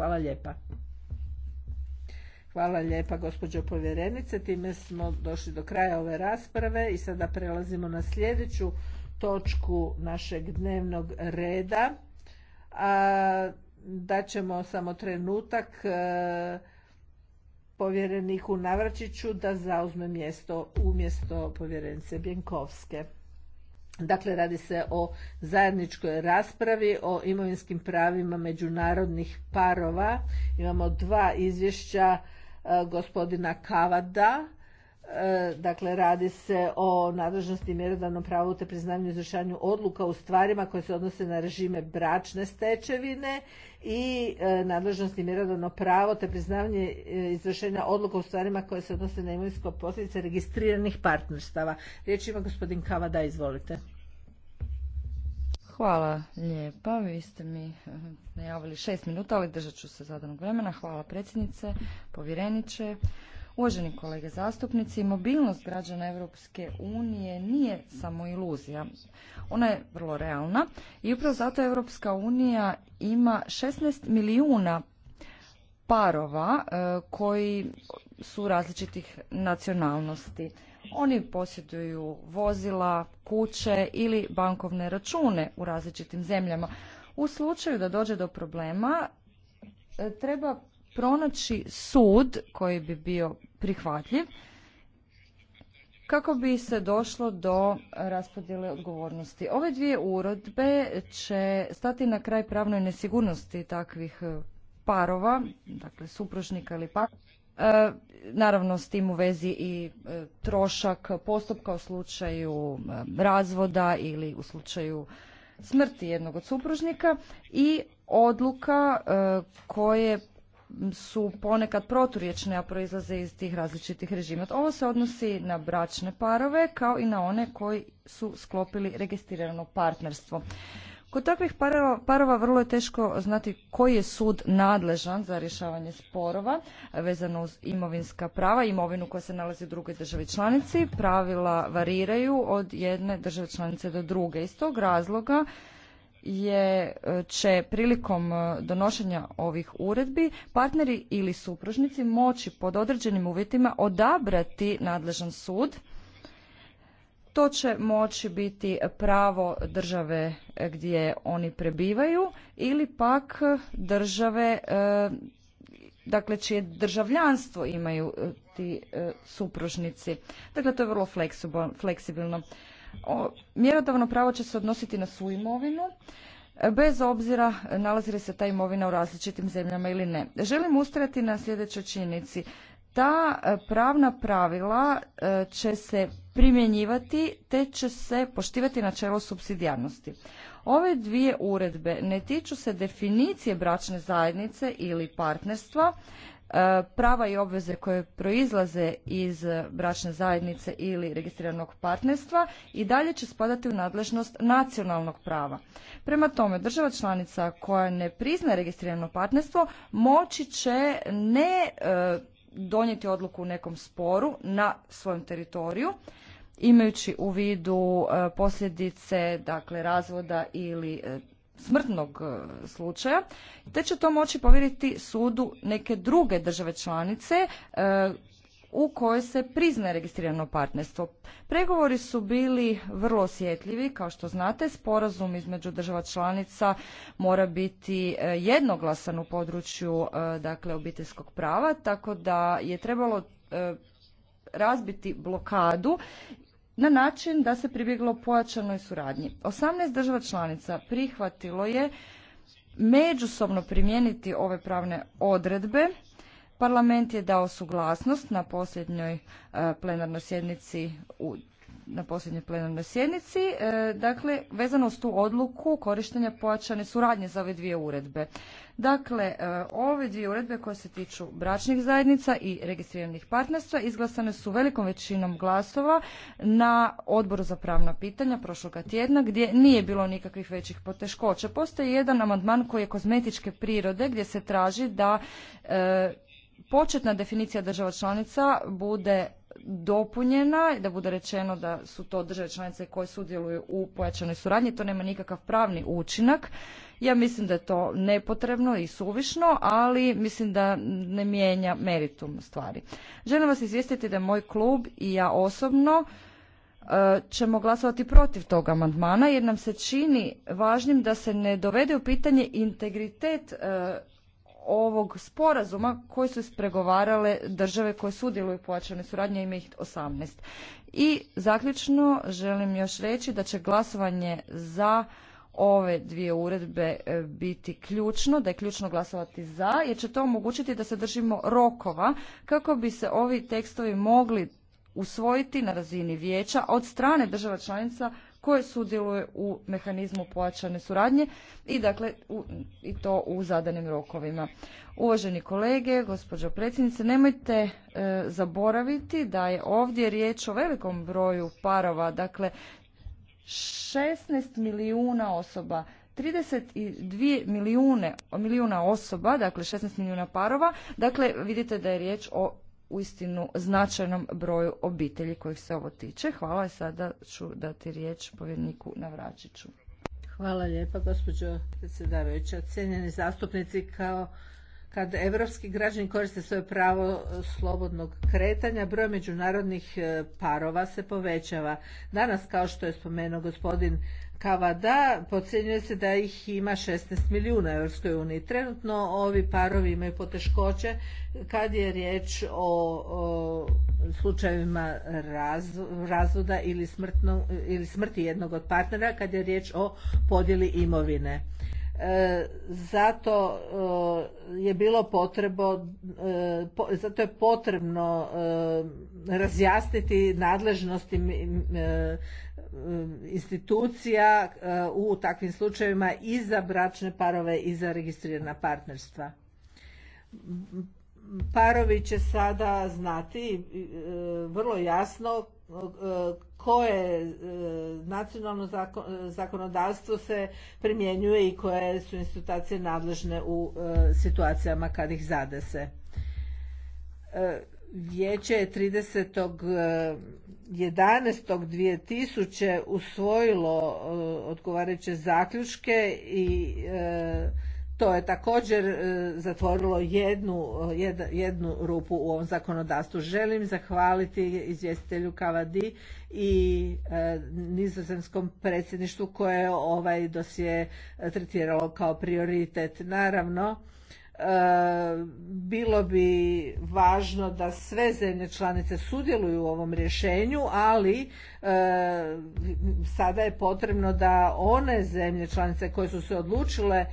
Hvala lijepa. Hvala lijepa gospođo povjerenice. Time smo došli do kraja ove rasprave i sada prelazimo na sljedeću točku našeg dnevnog reda. A, ćemo samo trenutak e, povjereniku Navračiću da zauzme mjesto umjesto povjerenice Bjenkovske. Dakle, radi se o zajedničkoj raspravi o imovinskim pravima međunarodnih parova. Imamo dva izvješća e, gospodina Kavada E, dakle, radi se o nadležnosti mjerodavnom pravu te priznanju i izvršanju odluka u stvarima koje se odnose na režime bračne stečevine i e, nadležnosti mjerodavno pravo te priznavanje e, izvršenja odluka u stvarima koje se odnose na imovinsko posljedice registriranih partnerstava. Riječ ima gospodin Kavada, izvolite. Hvala lijepa. Vi ste mi najavili šest minuta, ali držat ću se zadanog vremena. Hvala predsjednice, povjereniče. Uvaženi kolege zastupnici, mobilnost građana Europske unije nije samo iluzija. Ona je vrlo realna i upravo zato Europska unija ima 16 milijuna parova e, koji su različitih nacionalnosti. Oni posjeduju vozila, kuće ili bankovne račune u različitim zemljama. U slučaju da dođe do problema e, treba pronaći sud koji bi bio prihvatljiv kako bi se došlo do raspodjele odgovornosti. Ove dvije urodbe će stati na kraj pravnoj nesigurnosti takvih e, parova, dakle supružnika ili pak e, naravno s tim u vezi i e, trošak postupka u slučaju razvoda ili u slučaju smrti jednog od supružnika i odluka koje su ponekad proturječne, a proizlaze iz tih različitih režima. Ovo se odnosi na bračne parove kao i na one koji su sklopili registrirano partnerstvo. Kod takvih parova, vrlo je teško znati koji je sud nadležan za rješavanje sporova vezano uz imovinska prava, imovinu koja se nalazi u drugoj državi članici. Pravila variraju od jedne države članice do druge. Iz tog razloga je će prilikom e, donošenja ovih uredbi partneri ili supružnici moći pod određenim uvjetima odabrati nadležan sud. To će moći biti pravo države e, gdje oni prebivaju ili pak države e, dakle čije državljanstvo imaju ti supružnici. Dakle to je vrlo fleksibilno. Mjerodavno pravo će se odnositi na svu imovinu, bez obzira nalazi li se ta imovina u različitim zemljama ili ne. Želim ustrati na sljedećoj činjenici. Ta e, pravna pravila e, će se primjenjivati te će se poštivati načelo subsidijarnosti. Ove dvije uredbe ne tiču se definicije bračne zajednice ili partnerstva, E, prava i obveze koje proizlaze iz bračne zajednice ili registriranog partnerstva i dalje će spadati u nadležnost nacionalnog prava. Prema tome, država članica koja ne prizna registrirano partnerstvo moći će ne e, donijeti odluku u nekom sporu na svojem teritoriju, imajući u vidu e, posljedice dakle razvoda ili smrtnog e, slučaja, te će to moći povjeriti sudu neke druge države članice e, u koje se priznaje registrirano partnerstvo. Pregovori su bili vrlo osjetljivi, kao što znate, sporazum između država članica mora biti e, jednoglasan u području dakle obiteljskog prava, tako da je trebalo razbiti blokadu na način da se pribjeglo pojačanoj suradnji. 18 država članica prihvatilo je međusobno primijeniti ove pravne odredbe. Parlament je dao suglasnost na posljednjoj e, plenarnoj sjednici u na posljednjoj plenarnoj sjednici, e, dakle, vezano uz tu odluku korištenja pojačane suradnje za ove dvije uredbe. Dakle, e, ove dvije uredbe koje se tiču bračnih zajednica i registriranih partnerstva izglasane su velikom većinom glasova na odboru za pravna pitanja prošloga tjedna gdje nije bilo nikakvih većih poteškoća. Postoji jedan amandman koji je kozmetičke prirode gdje se traži da e, početna definicija država članica bude dopunjena, da bude rečeno da su to države članice koje sudjeluju u pojačanoj suradnji, to nema nikakav pravni učinak. Ja mislim da je to nepotrebno i suvišno, ali mislim da ne mijenja meritum stvari. Želim vas izvijestiti da moj klub i ja osobno e, ćemo glasovati protiv tog amandmana jer nam se čini važnim da se ne dovede u pitanje integritet e, ovog sporazuma koji su ispregovarale države koje sudjeluju u pojačanoj suradnji, ima ih 18. I zaključno želim još reći da će glasovanje za ove dvije uredbe e, biti ključno, da je ključno glasovati za, jer će to omogućiti da se držimo rokova kako bi se ovi tekstovi mogli usvojiti na razini vijeća od strane država članica koje sudjeluje u mehanizmu pojačane suradnje i dakle i to u zadanim rokovima. Uvaženi kolege, gospođo predsjednice, nemojte e, zaboraviti da je ovdje riječ o velikom broju parova, dakle 16 milijuna osoba 32 milijune, milijuna osoba, dakle 16 milijuna parova, dakle vidite da je riječ o uistinu značajnom broju obitelji kojih se ovo tiče. Hvala i sada ću dati riječ povjedniku Navračiću. Hvala lijepa gospođo predsjedavajuća. Cijenjeni zastupnici kao kad evropski građani koriste svoje pravo e, slobodnog kretanja, broj međunarodnih e, parova se povećava. Danas, kao što je spomenuo gospodin Kavada, pocijenjuje se da ih ima 16 milijuna u EU. Trenutno ovi parovi imaju poteškoće kad je riječ o, slučajevima razvoda ili, ili smrti jednog od partnera, kad je riječ o podjeli imovine. E, zato e, je bilo potrebo, e, zato je potrebno razjasniti nadležnosti institucija u takvim slučajevima i za bračne parove i za registrirana partnerstva. Parovi će sada znati vrlo jasno koje e, nacionalno zakonodavstvo se primjenjuje i koje su institucije nadležne u e, situacijama kad ih zadese. E, vijeće je 30.11.2000 usvojilo odgovarajuće zaključke i to je također e, zatvorilo jednu, jednu rupu u ovom zakonodavstvu. Želim zahvaliti izvjestitelju Kavadi i e, nizozemskom predsjedništvu koje je ovaj dosje tretiralo kao prioritet. Naravno, bilo bi važno da sve zemlje članice sudjeluju u ovom rješenju, ali e, sada je potrebno da one zemlje članice koje su se odlučile e,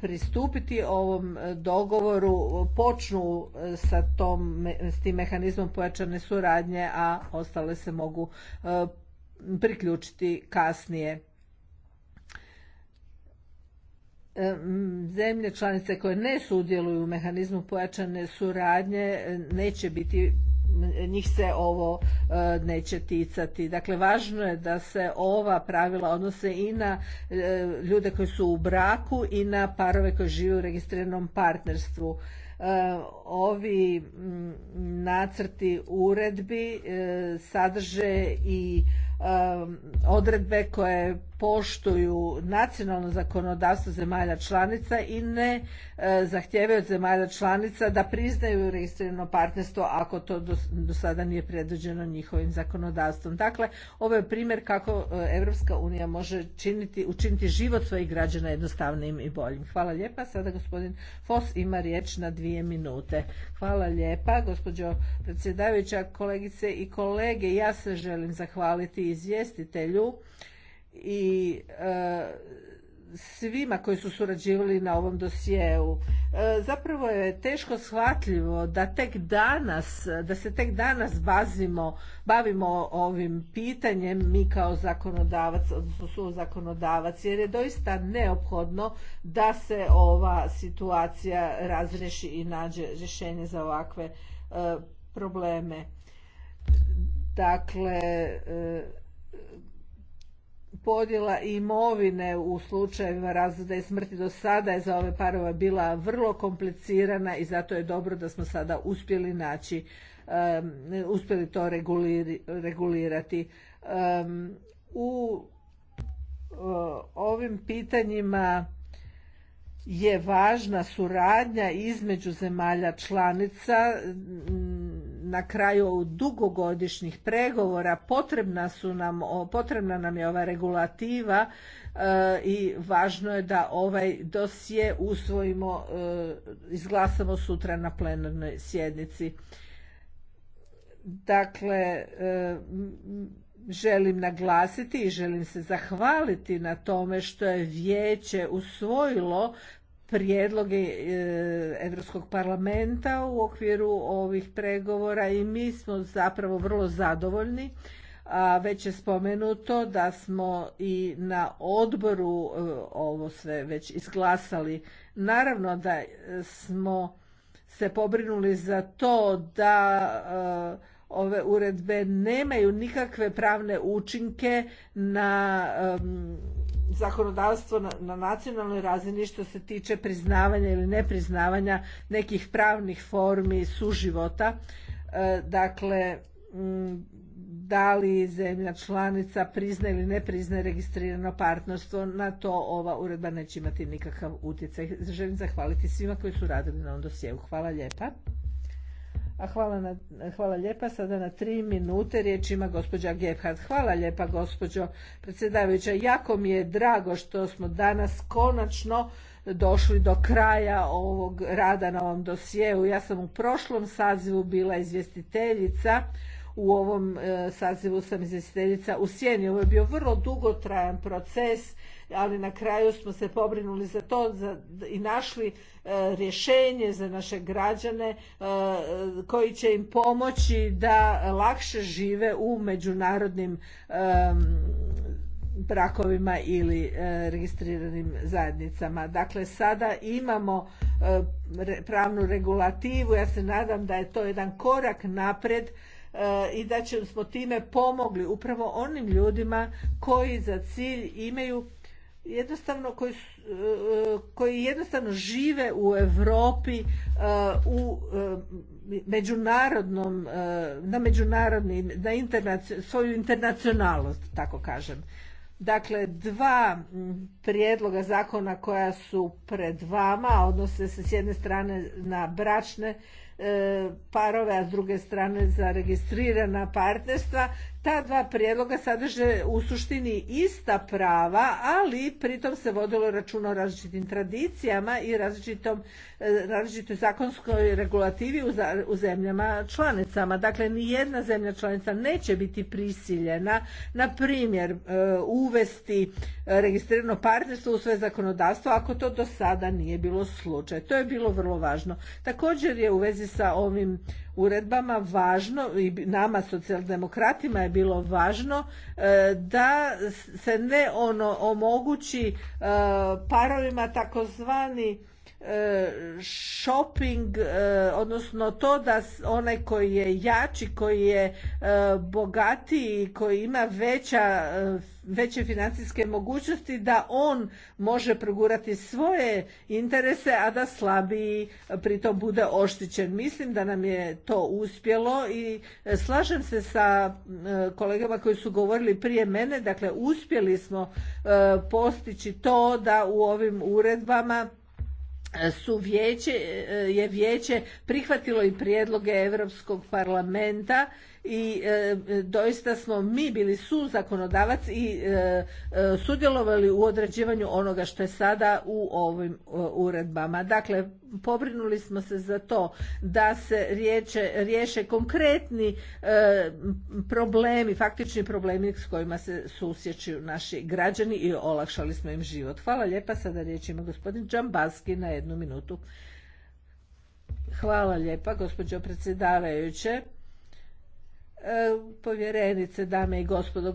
pristupiti ovom dogovoru počnu e, sa tom, s tim mehanizmom pojačane suradnje, a ostale se mogu priključiti kasnije. zemlje članice koje ne sudjeluju u mehanizmu pojačane suradnje e, neće biti njih se ovo e, neće ticati. Dakle, važno je da se ova pravila odnose i na e, ljude koji su u braku i na parove koji žive u registriranom partnerstvu. Ovi nacrti uredbi sadrže i odredbe koje poštuju nacionalno zakonodavstvo zemalja članica i ne e, zahtijevaju od zemalja članica da priznaju registrirano partnerstvo ako to do sada nije predviđeno njihovim zakonodavstvom. Dakle, ovo je primjer kako Europska unija može učiniti život svojih građana jednostavnijim i boljim. Hvala lijepa. Sada gospodin Fos ima riječ na dvije minute. Hvala lijepa, gospođo predsjedavajuća, kolegice i kolege. Ja se želim zahvaliti izvjestitelju i e, svima koji su surađivali na ovom dosjeu. E, zapravo je teško shvatljivo da tek danas, da se tek danas bazimo, bavimo ovim pitanjem mi kao zakonodavac, odnosno su zakonodavac, jer je doista neophodno da se ova situacija razreši i nađe rješenje za ovakve e, probleme. Dakle, podjela imovine u slučajevima razvoda i smrti do sada je za ove parova bila vrlo komplicirana i zato je dobro da smo sada uspjeli naći, uspjeli to regulirati. u e, ovim pitanjima je važna suradnja između zemalja članica na kraju dugogodišnjih pregovora potrebna su nam potrebna nam je ova regulativa e, i važno je da ovaj dosje usvojimo e, izglasamo sutra na plenarnoj sjednici dakle e, želim naglasiti i želim se zahvaliti na tome što je vijeće usvojilo prijedloge e, Europskog parlamenta u okviru ovih pregovora i mi smo zapravo vrlo zadovoljni. A već je spomenuto da smo i na odboru e, ovo sve već izglasali. Naravno da smo se pobrinuli za to da e, ove uredbe nemaju nikakve pravne učinke na zakonodavstvo na nacionalnoj razini što se tiče priznavanja ili nepriznavanja nekih pravnih formi suživota. E, dakle, da li zemlja članica prizna ili ne prizna registrirano partnerstvo, na to ova uredba neće imati nikakav utjecaj. Želim zahvaliti svima koji su radili na ovom dosjeu. Hvala lijepa. A hvala, na, hvala lijepa. Sada na tri minute riječ ima gospođa Gebhard. Hvala lijepa gospođo predsjedavajuća. Jako mi je drago što smo danas konačno došli do kraja ovog rada na ovom dosjeu. Ja sam u prošlom sazivu bila izvjestiteljica u ovom e, sazivu sam izvjestiteljica u Sjeni. Ovo je bio vrlo dugotrajan proces ali na kraju smo se pobrinuli za to i našli e, rješenje za naše građane e, koji će im pomoći da lakše žive u međunarodnim brakovima ili e, registriranim zajednicama. Dakle, sada imamo pravnu regulativu, ja se nadam da je to jedan korak napred i da ćemo time pomogli upravo onim ljudima koji za cilj imaju jednostavno koji, e, koji jednostavno žive u Europi e, u e, međunarodnom na međunarodnim na svoju internacionalnost tako kažem Dakle, dva prijedloga zakona koja su pred vama odnose se s jedne strane na bračne parove, a s druge strane za registrirana partnerstva. Ta dva prijedloga sadrže u suštini ista prava, ali pritom se vodilo računa o različitim tradicijama i različitom, e, različitoj zakonskoj regulativi u, zemljama članicama. Dakle, ni jedna zemlja članica neće biti prisiljena, na primjer, e, uvesti registrirano partnerstvo u sve zakonodavstvo ako to do sada nije bilo slučaj. To je bilo vrlo važno. Također je u vezi sa ovim uredbama važno i nama socijaldemokratima je bilo važno e, da se ne ono omogući e, parovima takozvani E, shopping, e, odnosno to da onaj koji je jači, koji je e, bogatiji, koji ima veća, veće financijske mogućnosti, da on može progurati svoje interese, a da slabiji pritom bude oštićen. Mislim da nam je to uspjelo i slažem se sa kolegama koji su govorili prije mene, dakle uspjeli smo postići to da u ovim uredbama su vijeće, e, je vijeće prihvatilo i prijedloge Europskog parlamenta i e, doista smo mi bili su zakonodavac i e, e, sudjelovali u određivanju onoga što je sada u ovim uredbama. Dakle, pobrinuli smo se za to da se riječe, riješe konkretni problemi, faktični problemi s kojima se susjećuju naši građani i olakšali smo im život. Hvala lijepa, sada riječ ima gospodin Đambaski na jednu minutu. Hvala lijepa, gospođo predsjedavajuće. E, povjerenice, dame i gospodo.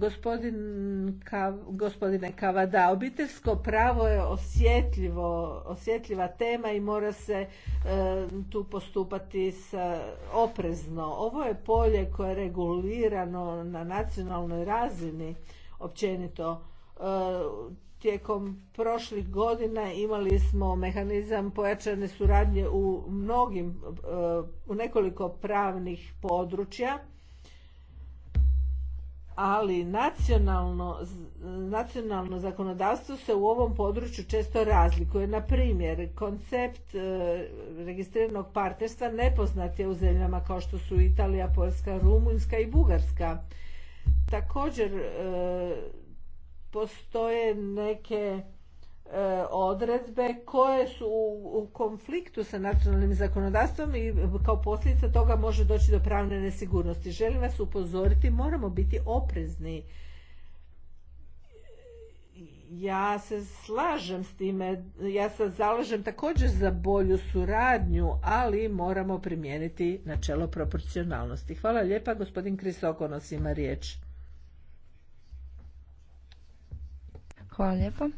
gospodine Kavada, obiteljsko pravo je osjetljivo, osjetljiva tema i mora se e, tu postupati sa, oprezno. Ovo je polje koje je regulirano na nacionalnoj razini općenito. E, tijekom prošlih godina imali smo mehanizam pojačane suradnje u mnogim, u nekoliko pravnih područja ali nacionalno, nacionalno zakonodavstvo se u ovom području često razlikuje. Na primjer, koncept e, registriranog partnerstva nepoznat je u zemljama kao što su Italija, Poljska, Rumunjska i Bugarska. Također e, postoje neke E, odredbe koje su u konfliktu sa nacionalnim zakonodavstvom i kao posljedica toga može doći do pravne nesigurnosti. Želim vas upozoriti, moramo biti oprezni. Ja se slažem s time, ja se zalažem također za bolju suradnju, ali moramo primijeniti načelo proporcionalnosti. Hvala lijepa, gospodin Krisokonos ima riječ. Hvala lijepa.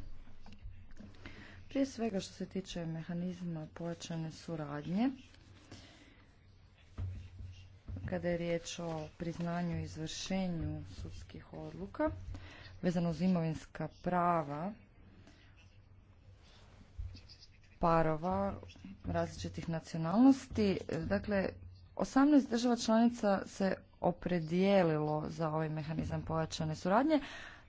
Prije svega što se tiče mehanizma pojačane suradnje, kada je riječ o priznanju i izvršenju sudskih odluka, vezano uz imovinska prava parova različitih nacionalnosti. Dakle, 18 država članica se opredijelilo za ovaj mehanizam pojačane suradnje,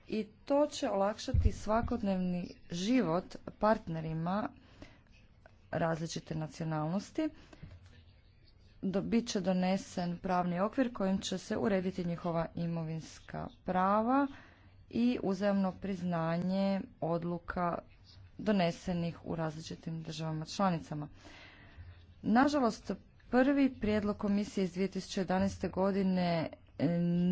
i to će olakšati svakodnevni život partnerima različite nacionalnosti. će donesen pravni okvir kojim će se urediti njihova imovinska prava i uzajamno priznanje odluka donesenih u različitim državama članicama. Nažalost, prvi prijedlog komisije iz 2011. godine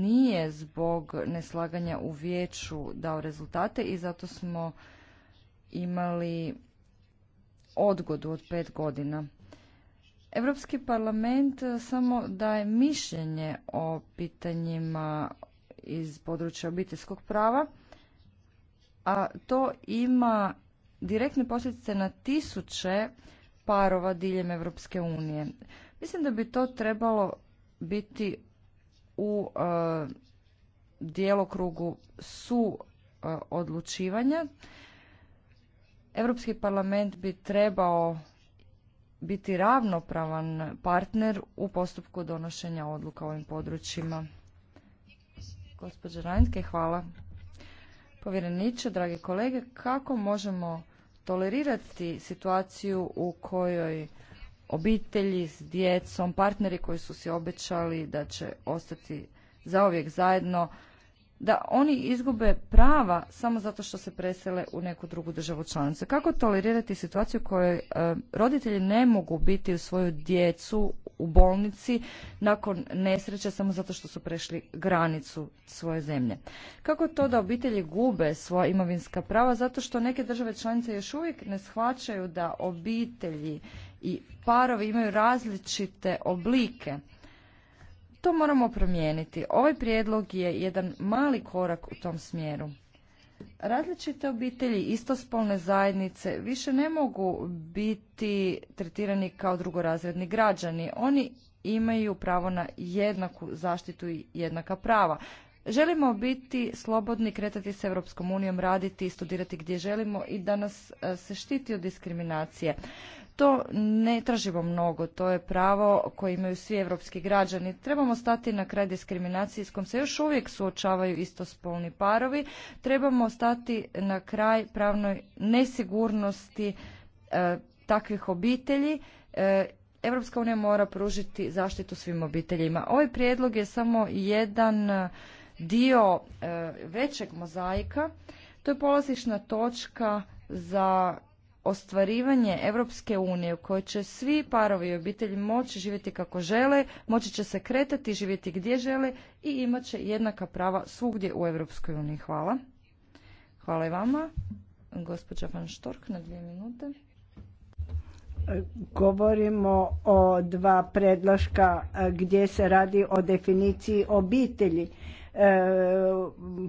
nije zbog neslaganja u vijeću dao rezultate i zato smo imali odgodu od pet godina. Europski parlament samo daje mišljenje o pitanjima iz područja obiteljskog prava, a to ima direktne posljedice na tisuće parova diljem Europske unije. Mislim da bi to trebalo biti u e, djelokrugu su e, odlučivanja. Europski parlament bi trebao biti ravnopravan partner u postupku donošenja odluka u ovim područjima. Gospođo Rajnke, hvala. Povjereniče, drage kolege, kako možemo tolerirati situaciju u kojoj obitelji s djecom, partneri koji su si obećali da će ostati zaovijek zajedno, da oni izgube prava samo zato što se presele u neku drugu državu članicu. Kako tolerirati situaciju u kojoj e, roditelji ne mogu biti u svoju djecu u bolnici nakon nesreće samo zato što su prešli granicu svoje zemlje? Kako to da obitelji gube svoja imovinska prava zato što neke države članice još uvijek ne shvaćaju da obitelji i parovi imaju različite oblike. To moramo promijeniti. Ovaj prijedlog je jedan mali korak u tom smjeru. Različite obitelji istospolne zajednice više ne mogu biti tretirani kao drugorazredni građani. Oni imaju pravo na jednaku zaštitu i jednaka prava. Želimo biti slobodni, kretati se Europskom unijom, raditi i studirati gdje želimo i da nas e, se štiti od diskriminacije to ne tražimo mnogo, to je pravo koje imaju svi evropski građani. Trebamo stati na kraj diskriminaciji s kom se još uvijek suočavaju istospolni parovi. Trebamo stati na kraj pravnoj nesigurnosti e, takvih obitelji. E, Evropska unija mora pružiti zaštitu svim obiteljima. Ovaj prijedlog je samo jedan dio e, većeg mozaika. To je polazišna točka za ostvarivanje Europske unije u kojoj će svi parovi i obitelji moći živjeti kako žele, moći će se kretati, živjeti gdje žele i imat će jednaka prava svugdje u Europskoj uniji. Hvala. Hvala i vama. Gospođa Van Štork na dvije minute. Govorimo o dva predloška gdje se radi o definiciji obitelji E,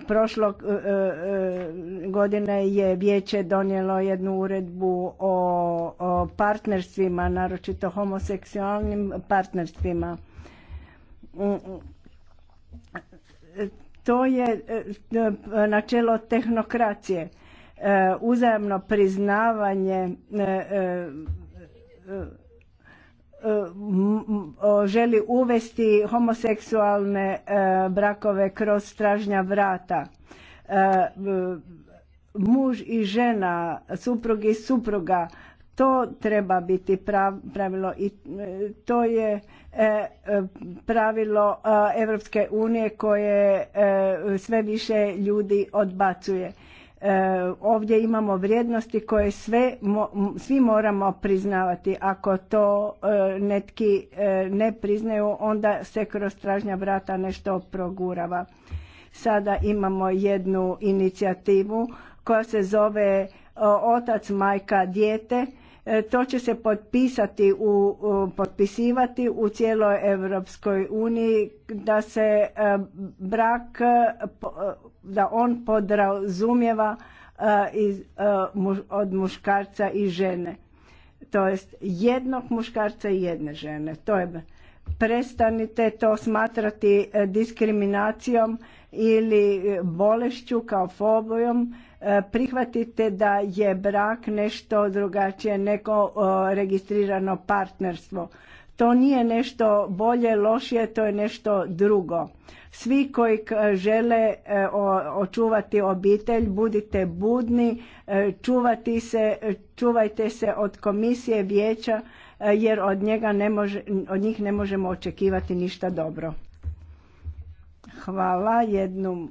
Prošlog e, e, godine je vijeće donijelo jednu uredbu o partnerstvima, naročito homoseksualnim partnerstvima. To je načelo tehnokracije, uzajamno priznavanje E, želi uvesti homoseksualne e, brakove kroz stražnja vrata. E, muž i žena, suprug i supruga, to treba biti pravilo i to je pravilo Europske unije koje sve više ljudi odbacuje. E, ovdje imamo vrijednosti koje sve, svi moramo priznavati. Ako to e, netki e, ne priznaju, onda se kroz stražnja vrata nešto progurava. Sada imamo jednu inicijativu koja se zove Otac, majka, dijete E, to će se potpisati u, potpisivati u cijeloj Europskoj uniji da se e, brak, e, da on podrazumijeva iz, od muškarca i žene. To jest jednog muškarca i jedne žene. To je prestanite to smatrati e, diskriminacijom ili e, bolešću kao fobojom, e, prihvatite da je brak nešto drugačije neko registrirano partnerstvo. To nije nešto bolje, lošije, to je nešto drugo. Svi koji žele očuvati obitelj, budite budni, čuvati se, čuvajte se od komisije vijeća Eh, jer od, njega ne može, od njih ne možemo očekivati ništa dobro. Hvala. Jednu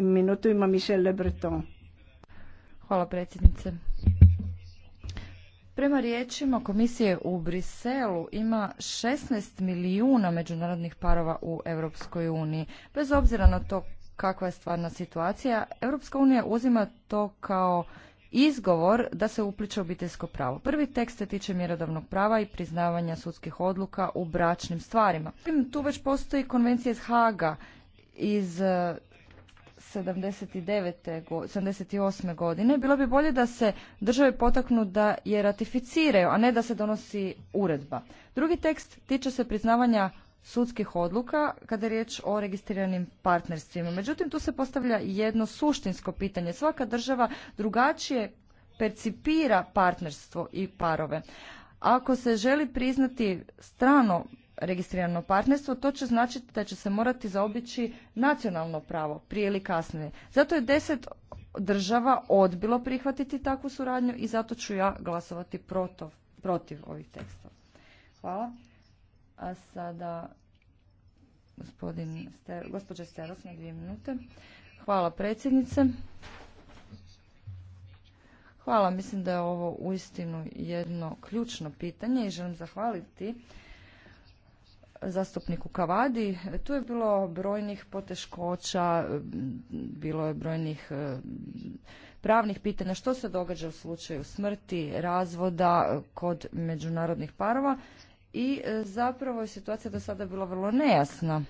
minutu ima Michel Le Hvala predsjednice. Prema riječima komisije u Briselu ima 16 milijuna međunarodnih parova u Europskoj uniji. Bez obzira na to kakva je stvarna situacija, Europska unija uzima to kao izgovor da se upliče obiteljsko pravo. Prvi tekst se tiče mjerodavnog prava i priznavanja sudskih odluka u bračnim stvarima. Tu već postoji konvencija iz Haga iz 79. Eh, 78. godine. Bilo bi bolje da se države potaknu da je ratificiraju, a ne da se donosi uredba. Drugi tekst tiče se priznavanja sudskih odluka kada je riječ o registriranim partnerstvima. Međutim, tu se postavlja jedno suštinsko pitanje. Svaka država drugačije percipira partnerstvo i parove. Ako se želi priznati strano registrirano partnerstvo, to će značiti da će se morati zaobići nacionalno pravo prije ili kasnije. Zato je deset država odbilo prihvatiti takvu suradnju i zato ću ja glasovati protiv, ovih tekstova. Hvala. A sada gospodin gospođa Steros na dvije minute. Hvala predsjednice. Hvala, mislim da je ovo uistinu jedno ključno pitanje i želim zahvaliti zastupniku Kavadi. Tu je bilo brojnih poteškoća, bilo je brojnih e, pravnih pitanja što se događa u slučaju smrti, razvoda kod međunarodnih parova i e, zapravo je situacija do sada bila vrlo nejasna.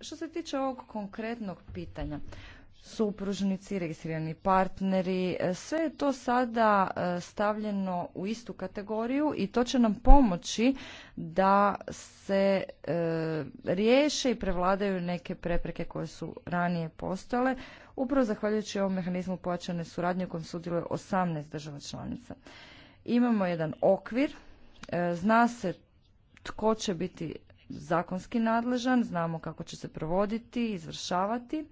Što se tiče ovog konkretnog pitanja, supružnici, registrirani partneri, e, sve je to sada e, stavljeno u istu kategoriju i to će nam pomoći da se riješe i prevladaju neke prepreke koje su ranije postojale, upravo zahvaljujući ovom mehanizmu pojačane suradnje u kojem sudjeluje 18 država članica. Imamo jedan okvir, e, zna se tko će biti zakonski nadležan, znamo kako će se provoditi, izvršavati.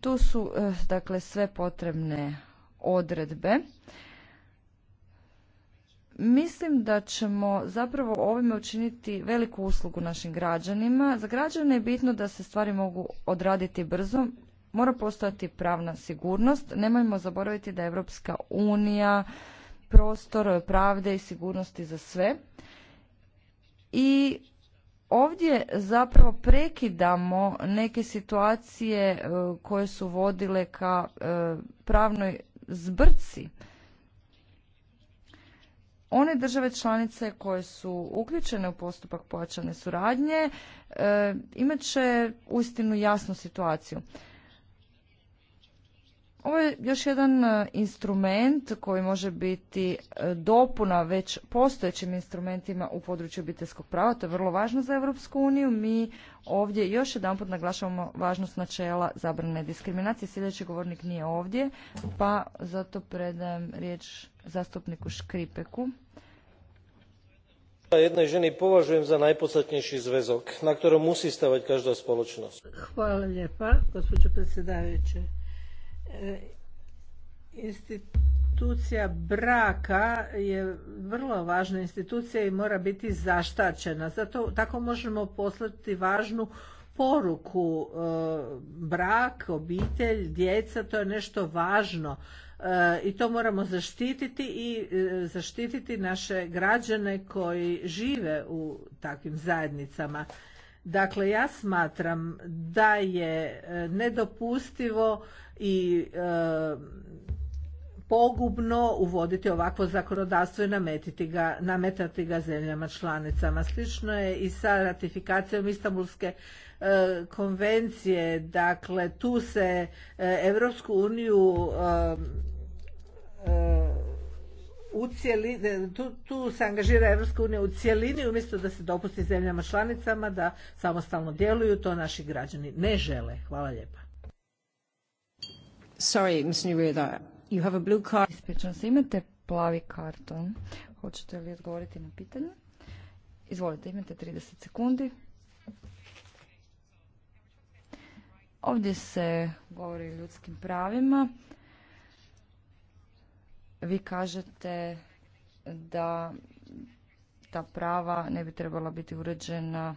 Tu su e, dakle sve potrebne odredbe. Mislim da ćemo zapravo ovime učiniti veliku uslugu našim građanima. Za građane je bitno da se stvari mogu odraditi brzo, mora postojati pravna sigurnost. Nemojmo zaboraviti da je Europska unija prostor pravde i sigurnosti za sve. I ovdje zapravo prekidamo neke situacije e, koje su vodile ka e, pravnoj zbrci. One države članice koje su uključene u postupak pojačane suradnje e, imat će uistinu jasnu situaciju. Ovo je još jedan e, instrument koji može biti e, dopuna već postojećim instrumentima u području obiteljskog prava. To je vrlo važno za Europsku uniju. Mi ovdje još jedanput naglašavamo važnost načela zabrane diskriminacije. Sljedeći govornik nije ovdje, pa zato predajem riječ zastupniku Škripeku. Jednoj ženi považujem za najposatnjiši zvezok, na ktorom musi stavati každa spoločnost. Hvala lijepa, gospođo predsjedavajuće E, institucija braka je vrlo važna institucija i mora biti zaštačena. Zato tako možemo poslati važnu poruku e, brak, obitelj, djeca, to je nešto važno e, i to moramo zaštititi i zaštititi naše građane koji žive u takvim zajednicama. Dakle, ja smatram da je e, nedopustivo i e, pogubno uvoditi ovakvo zakonodavstvo i nametiti ga, nametati ga zemljama članicama. Slično je i sa ratifikacijom Istanbulske e, konvencije. Dakle, tu se Evropsku uniju u cjelini, tu, tu se angažira Evropska unija u cjelini umjesto da se dopusti zemljama članicama da samostalno djeluju, to naši građani ne žele. Hvala lijepa. Sorry, you have a blue card. se, imate plavi karton. Hoćete li odgovoriti na pitanje? Izvolite, imate 30 sekundi. Ovdje se govori o ljudskim pravima. Vi kažete da ta prava ne bi trebala biti uređena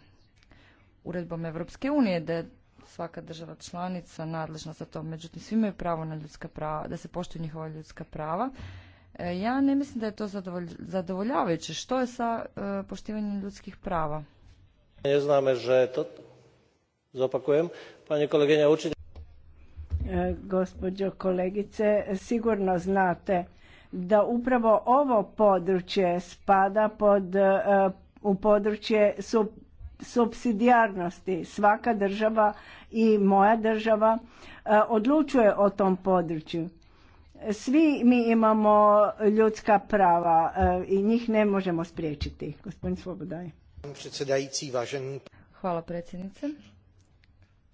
uredbom Europske unije, da je svaka država članica nadležna za to. Međutim, svi imaju pravo na ljudska prava, da se poštuju njihova ljudska prava. E, ja ne mislim da je to zadovoljavajuće. Što je sa e, poštivanjem ljudskih prava? Ne to... E, kolegice, sigurno znate da upravo ovo područje spada pod, e, u područje sub, subsidijarnosti. Svaka država i moja država e, odlučuje o tom području. Svi mi imamo ljudska prava e, i njih ne možemo spriječiti. Gospodin Svobodaj. Hvala predsjednice.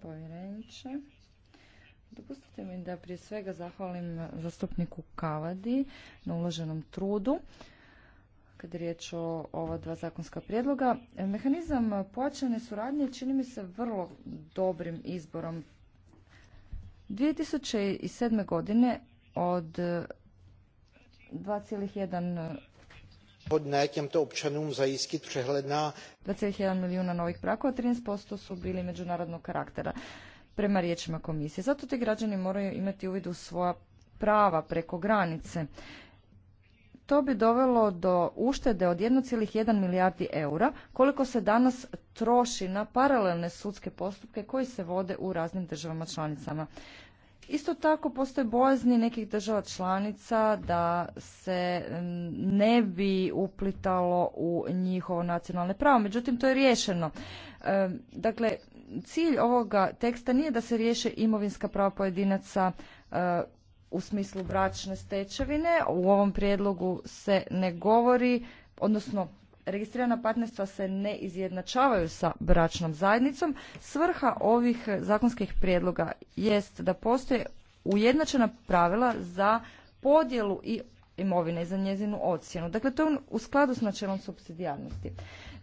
Povjereniče. Dopustite mi da prije svega zahvalim zastupniku Kavadi na uloženom trudu kad je riječ o ova dva zakonska prijedloga. E, mehanizam pojačane suradnje čini mi se vrlo dobrim izborom. 2007. godine od 2,1 to těmto za iskit prehledna 2,1 milijuna novih prakova, 13% su bili međunarodnog karaktera prema riječima komisije. Zato ti građani moraju imati uvid u svoja prava preko granice. To bi dovelo do uštede od 1,1 milijardi eura, koliko se danas troši na paralelne sudske postupke koji se vode u raznim državama članicama. Isto tako postoje bojazni nekih država članica da se ne bi uplitalo u njihovo nacionalne pravo. Međutim, to je rješeno. Dakle, cilj ovoga teksta nije da se riješe imovinska prava pojedinaca e, u smislu bračne stečevine. U ovom prijedlogu se ne govori, odnosno registrirana partnerstva se ne izjednačavaju sa bračnom zajednicom. Svrha ovih zakonskih prijedloga jest da postoje ujednačena pravila za podjelu i imovine za njezinu ocjenu. Dakle, to je u skladu s načelom subsidijarnosti.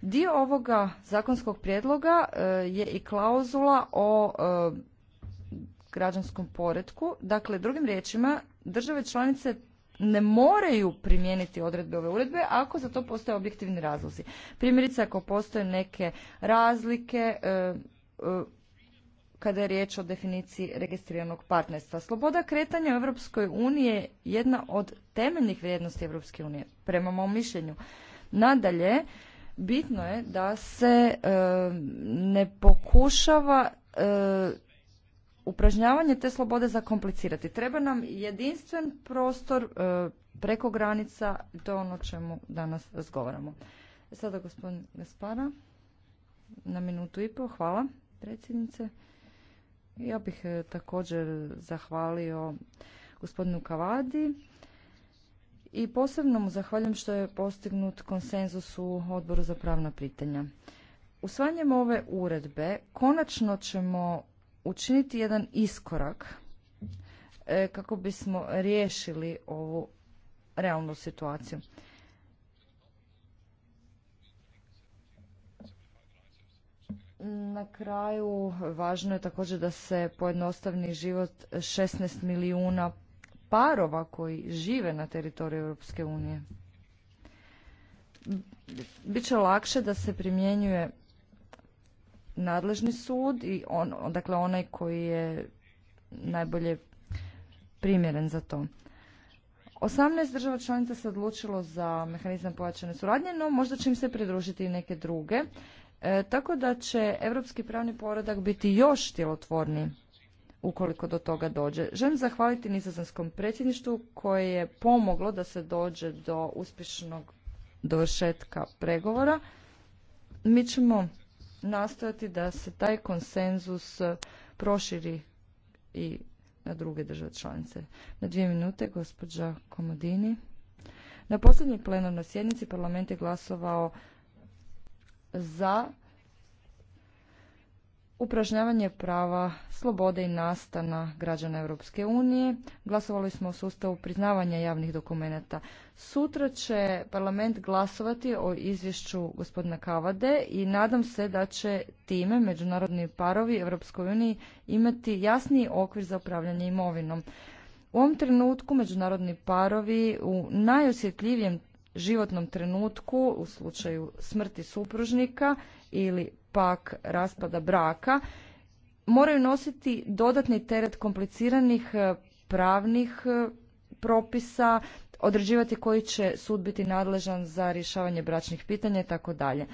Dio ovoga zakonskog prijedloga e, je i klauzula o e, građanskom poretku. Dakle, drugim riječima, države članice ne moraju primijeniti odredbe ove uredbe ako za to postoje objektivni razlozi. Primjerice ako postoje neke razlike e, e, kada je riječ o definiciji registriranog partnerstva. Sloboda kretanja u Europskoj uniji je jedna od temeljnih vrijednosti Europske unije, prema mom mišljenju. Nadalje, bitno je da se e, ne pokušava upražnjavanje te slobode zakomplicirati. Treba nam jedinstven prostor e, preko granica, to je ono čemu danas razgovaramo. E, sada gospodin Gaspara, na minutu i pol, hvala predsjednice. Ja bih e, također zahvalio gospodinu Kavadi i posebno mu zahvaljujem što je postignut konsenzus u odboru za pravna pitanja. Usvajanjem ove uredbe konačno ćemo učiniti jedan iskorak e, kako bismo riješili ovu realnu situaciju. Na kraju važno je također da se pojednostavni život 16 milijuna parova koji žive na teritoriju Europske unije. Biće lakše da se primjenjuje nadležni sud i on, dakle onaj koji je najbolje primjeren za to. 18 država članica se odlučilo za mehanizam pojačane suradnje, no možda će im se pridružiti i neke druge. E, tako da će europski pravni poredak biti još djelotvorniji ukoliko do toga dođe. Želim zahvaliti nizozemskom predsjedništvu koje je pomoglo da se dođe do uspješnog dovršetka pregovora. Mi ćemo nastojati da se taj konsenzus e, proširi i na druge države članice. Na dvije minute, gospođa Komodini. Na posljednjoj plenarnoj sjednici parlament je glasovao za upražnjavanje prava, slobode i nastana građana Europske unije. Glasovali smo o sustavu priznavanja javnih dokumenata. Sutra će parlament glasovati o izvješću gospodina Kavade i nadam se da će time međunarodni parovi Europskoj uniji imati jasniji okvir za upravljanje imovinom. U ovom trenutku međunarodni parovi u najosjetljivijem životnom trenutku u slučaju smrti supružnika ili pak raspada braka moraju nositi dodatni teret kompliciranih e, pravnih e, propisa, određivati koji će sud biti nadležan za rješavanje bračnih pitanja i tako dalje.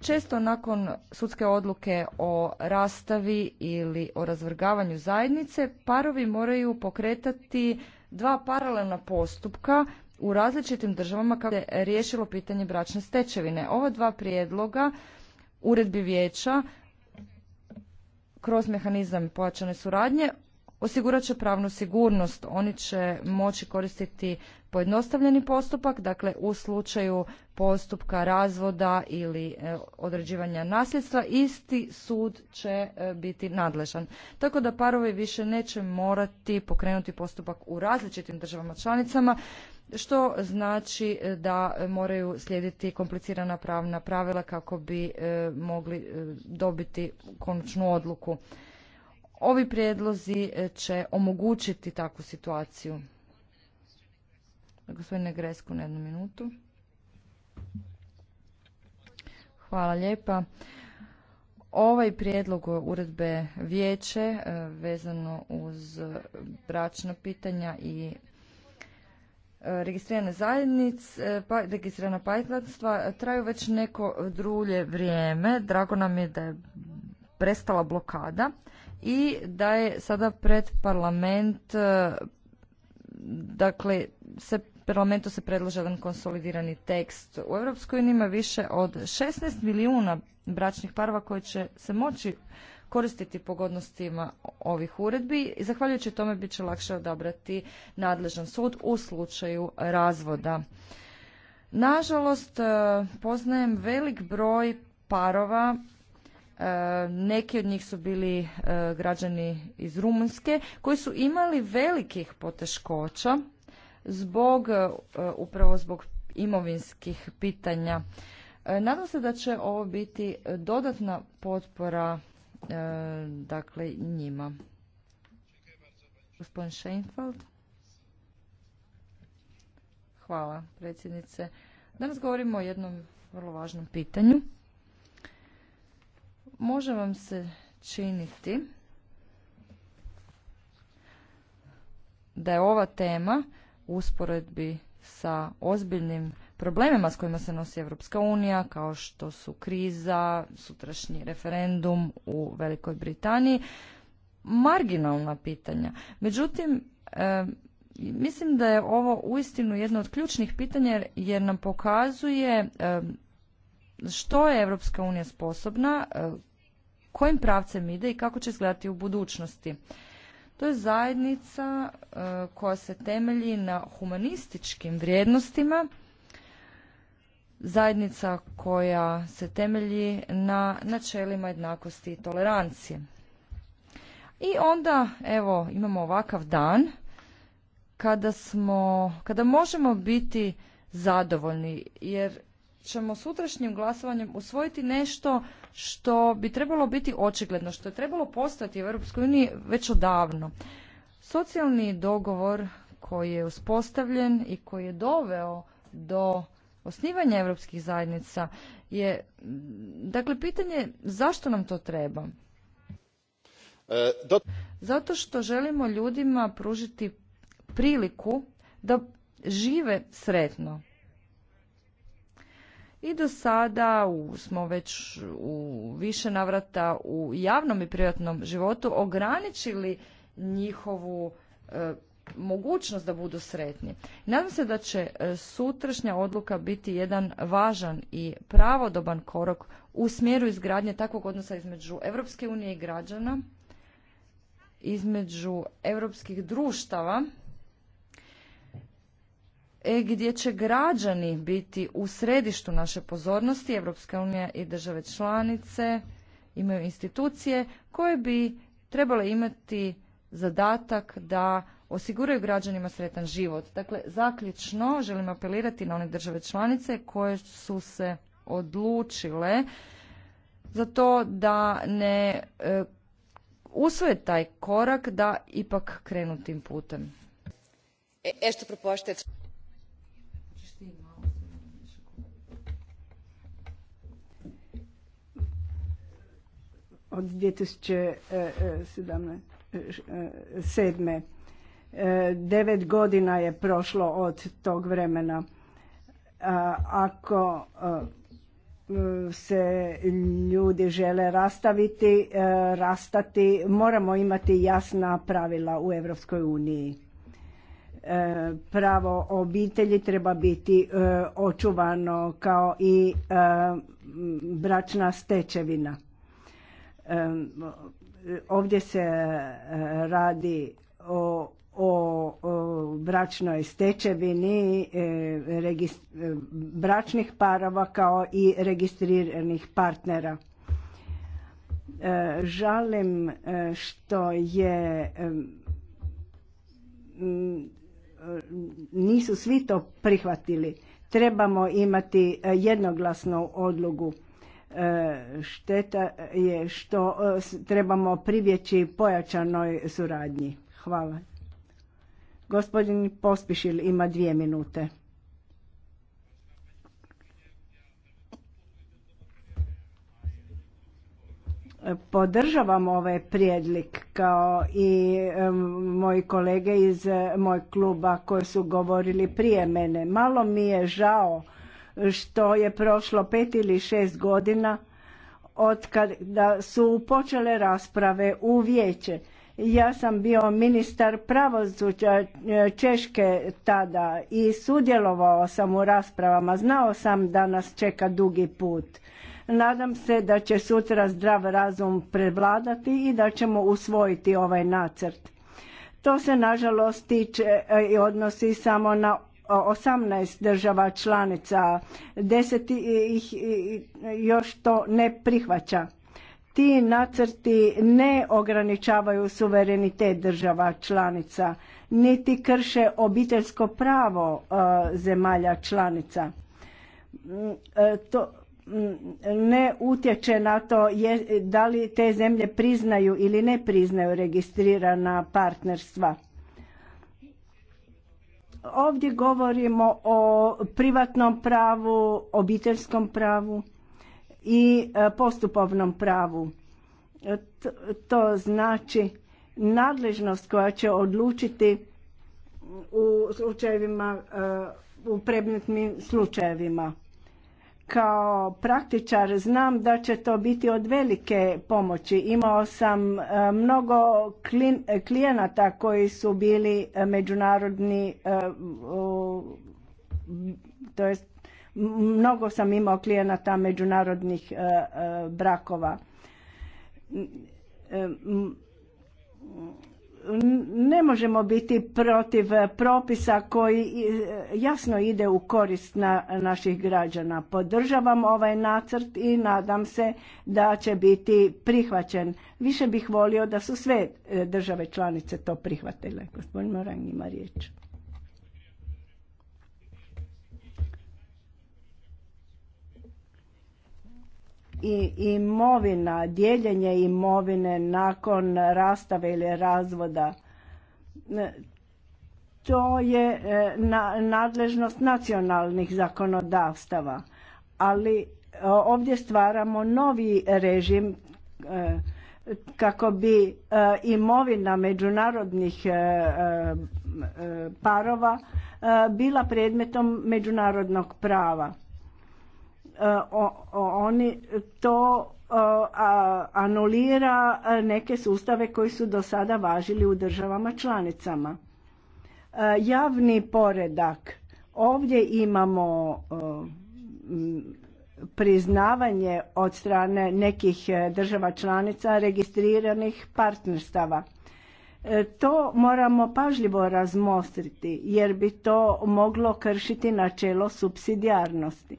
Često nakon sudske odluke o rastavi ili o razvrgavanju zajednice, parovi moraju pokretati dva paralelna postupka u različitim državama kako je riješilo pitanje bračne stečevine. Ova dva prijedloga uredbi vijeća kroz mehanizam pojačane suradnje osigurat će pravnu sigurnost. Oni će moći koristiti pojednostavljeni postupak, dakle u slučaju postupka razvoda ili e, određivanja nasljedstva, isti sud će e, biti nadležan. Tako da parovi više neće morati pokrenuti postupak u različitim državama članicama, što znači e, da e, moraju slijediti komplicirana pravna pravila kako bi e, mogli dobiti konačnu odluku. Ovi prijedlozi će omogućiti takvu situaciju. Gospodine Gresku na jednu minutu. Hvala lijepa. Ovaj prijedlog uredbe vijeće vezano uz bračna pitanja i registrirane zajednice, pa, registrirana partnerstva traju već neko drulje vrijeme. Drago nam je da je prestala blokada i da je sada pred parlament e, dakle se parlamentu se predlaže jedan konsolidirani tekst. U Europskoj uniji ima više od 16 milijuna bračnih parova koji će se moći koristiti pogodnostima ovih uredbi i zahvaljujući tome bit će lakše odabrati nadležan sud u slučaju razvoda. Nažalost, e, poznajem velik broj parova e, neki od njih su bili e, građani iz Rumunjske koji su imali velikih poteškoća zbog upravo zbog imovinskih pitanja. Nadam se da će ovo biti dodatna potpora E, dakle njima. Gospodin Scheinfeld. Hvala predsjednice. Danas govorimo o jednom vrlo važnom pitanju. Može vam se činiti da je ova tema u usporedbi sa ozbiljnim problemima s kojima se nosi Europska unija, kao što su kriza, sutrašnji referendum u Velikoj Britaniji, marginalna pitanja. Međutim, e, mislim da je ovo uistinu jedno od ključnih pitanja jer nam pokazuje e, što je Europska unija sposobna, e, kojim pravcem ide i kako će izgledati u budućnosti. To je zajednica koja se temelji na humanističkim vrijednostima zajednica koja se temelji na načelima jednakosti i tolerancije. I onda, evo, imamo ovakav dan kada smo, kada možemo biti zadovoljni, jer ćemo sutrašnjim glasovanjem usvojiti nešto što bi trebalo biti očigledno, što je trebalo postati u EU već odavno. Socijalni dogovor koji je uspostavljen i koji je doveo do osnivanje europskih zajednica je dakle pitanje zašto nam to treba e, zato što želimo ljudima pružiti priliku da žive sretno i do sada u, smo već u više navrata u javnom i privatnom životu ograničili njihovu e, mogućnost da budu sretni. Nadam se da će e, sutrašnja odluka biti jedan važan i pravodoban korak u smjeru izgradnje takvog odnosa između Europske unije i građana, između europskih društava, e, gdje će građani biti u središtu naše pozornosti, Europska unija i države članice imaju institucije koje bi trebale imati zadatak da osiguraju građanima sretan život. Dakle, zaključno želim apelirati na one države članice koje su se odlučile za to da ne e, usvoje taj korak da ipak krenu tim putem. E, propošte? od Devet godina je prošlo od tog vremena. Ako se ljudi žele rastaviti, e, rastati, moramo imati jasna pravila u Europskoj uniji. E, pravo obitelji treba biti e, očuvano kao i bračna stečevina. Ovdje se radi o o bračnoj stečevini e, e, bračnih parova kao i registriranih partnera. E, žalim što je nisu svi to prihvatili. Trebamo imati jednoglasnu odlugu. Šteta je što trebamo privjeći pojačanoj suradnji. Hvala. Gospodin Pospišil ima dvije minute. Podržavam ovaj prijedlik kao i moji kolege iz eh, mojeg kluba koji su govorili prije mene. Malo mi je žao što je prošlo pet ili šest godina od kada su počele rasprave u vijeće ja sam bio ministar pravosuđa e, Češke tada i sudjelovao sam u raspravama. Znao sam da nas čeka dugi put. Nadam se da će sutra zdrav razum prevladati i da ćemo usvojiti ovaj nacrt. To se nažalost tiče e, i odnosi samo na 18 država članica. Deset ih još to ne prihvaća ti nacrti ne ograničavaju suverenitet država članica, niti krše obiteljsko pravo e, zemalja članica. Mm, e, to mm, ne utječe na to je, da li te zemlje priznaju ili ne priznaju registrirana partnerstva. Ovdje govorimo o privatnom pravu, obiteljskom pravu i e, postupovnom pravu. E, to znači nadležnost koja će odlučiti u slučajevima, e, u predmetnim slučajevima. Kao praktičar znam da će to biti od velike pomoći. Imao sam mnogo klijenata koji su bili međunarodni, to jest Mnogo sam imao klijenata međunarodnih e, e, brakova. E, ne možemo biti protiv propisa koji jasno ide u korist na naših građana. Podržavam ovaj nacrt i nadam se da će biti prihvaćen. Više bih volio da su sve države članice to prihvatile. Gospodin Morang ima riječ. i imovina, dijeljenje imovine nakon rastave ili razvoda. E, to je e, nadležnost nacionalnih zakonodavstava, ali ovdje stvaramo novi režim e, kako bi imovina međunarodnih parova bila predmetom međunarodnog prava E, oni to e, anulira neke sustave koji su do sada važili u državama članicama. E, javni poredak. Ovdje imamo priznavanje od strane nekih država članica registriranih partnerstava. To moramo pažljivo razmostriti jer bi to moglo kršiti načelo subsidijarnosti.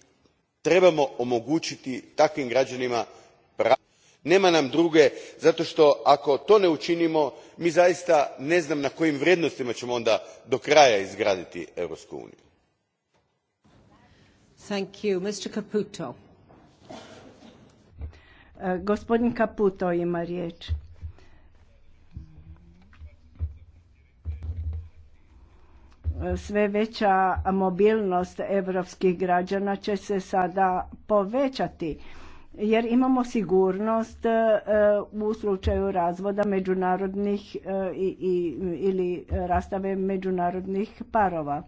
trebamo omogućiti takvim građanima pravo nema nam druge zato što ako to ne učinimo mi zaista ne znam na kojim vrijednostima ćemo onda do kraja izgraditi europsku uniju. sve veća mobilnost europskih građana će se sada povećati jer imamo sigurnost e, u slučaju razvoda međunarodnih e, ili rastave međunarodnih parova.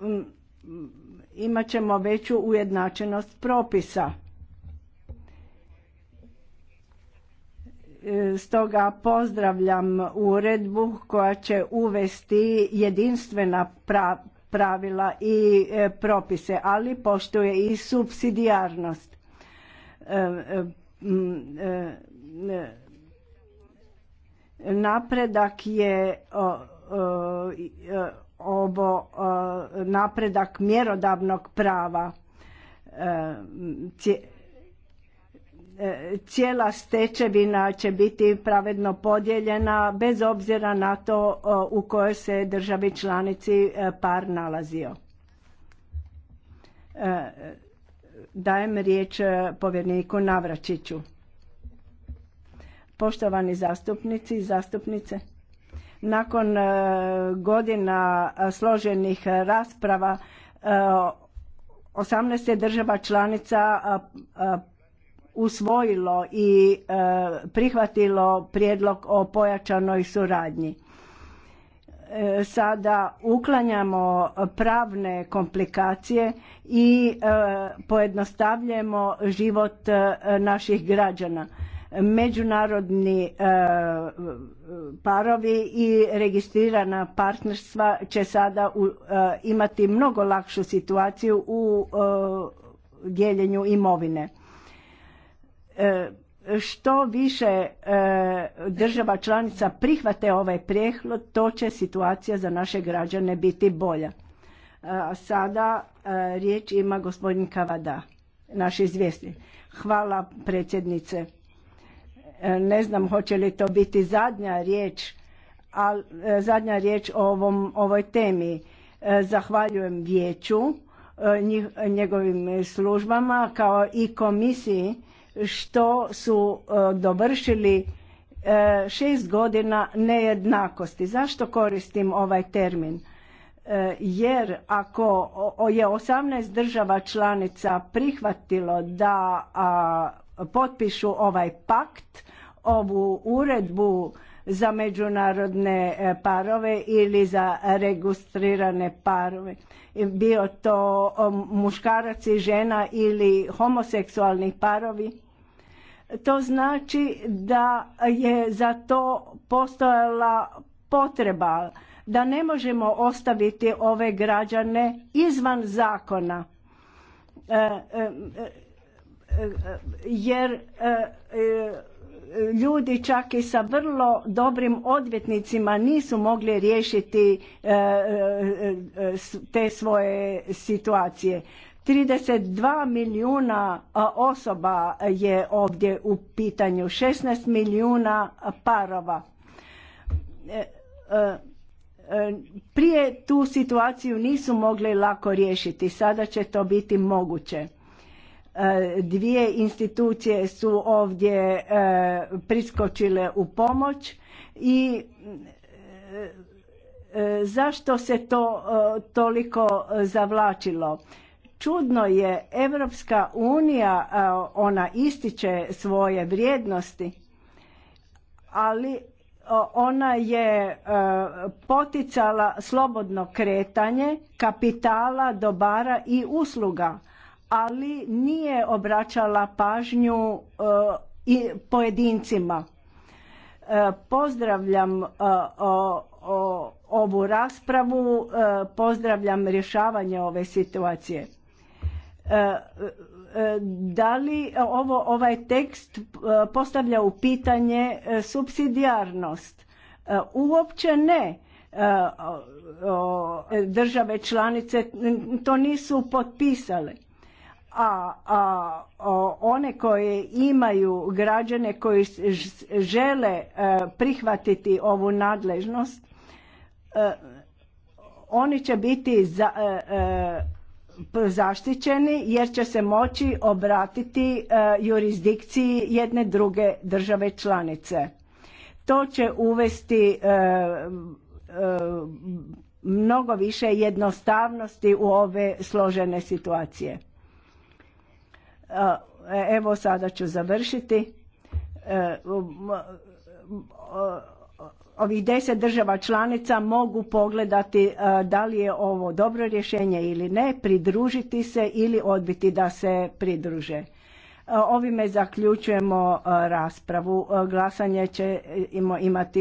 Mm, mm, Imaćemo veću ujednačenost propisa Stoga pozdravljam uredbu koja će uvesti jedinstvena pravila i e, propise, ali poštuje i subsidijarnost. E, e, napredak je ovo napredak mjerodavnog prava E, cijela stečevina će biti pravedno podijeljena bez obzira na to e, u kojoj se državi članici e, par nalazio. Dajem riječ povjerniku Navračiću. Poštovani zastupnici i zastupnice, nakon godina složenih rasprava 18 država članica usvojilo i e, prihvatilo prijedlog o pojačanoj suradnji. E, sada uklanjamo pravne komplikacije i e, pojednostavljamo život naših građana. Međunarodni parovi i registrirana partnerstva će sada imati mnogo lakšu situaciju u dijeljenju imovine E, što više e, država članica prihvate ovaj prijehod, to će situacija za naše građane biti bolja. E, a sada riječ ima gospodin Kavada, naš izvjesni. Hvala predsjednice. Ne znam hoće li to biti zadnja riječ, ali zadnja riječ o ovom, ovoj temi. Zahvaljujem vijeću, njegovim službama kao i komisiji što su e, dovršili e, šest godina nejednakosti. Zašto koristim ovaj termin? E, jer ako je 18 država članica prihvatilo da potpišu ovaj pakt, ovu uredbu za međunarodne parove ili za registrirane parove. Bio to muškarac i žena ili homoseksualni parovi to znači da je za to postojala potreba, da ne možemo ostaviti ove građane izvan zakona. E, e, e, jer ljudi čak i sa vrlo dobrim odvjetnicima nisu mogli riješiti te svoje situacije. 32 milijuna osoba je ovdje u pitanju, 16 milijuna parova. E, e, e, prije tu situaciju nisu mogli lako riješiti, sada će to biti moguće. Dvije institucije su ovdje priskočile u pomoć i zašto se to toliko zavlačilo? Čudno je, Evropska unija, e, ona ističe svoje vrijednosti, ali ona je e, poticala slobodno kretanje kapitala, dobara i usluga, ali nije obraćala pažnju e, i pojedincima. Pozdravljam ovu raspravu, pozdravljam rješavanje ove situacije da li ovo, ovaj tekst e, postavlja u pitanje e, subsidijarnost? E, uopće ne. Države članice to nisu potpisale. A, a one koje imaju građane koji žele prihvatiti ovu nadležnost, oni će biti za, zaštićeni jer će se moći obratiti e, jurisdikciji jedne druge države članice. To će uvesti e, e, mnogo više jednostavnosti u ove složene situacije. Evo sada ću završiti ovih deset država članica mogu pogledati e, da li je ovo dobro rješenje ili ne, pridružiti se ili odbiti da se pridruže. E, ovime zaključujemo e, raspravu. Glasanje ćemo imati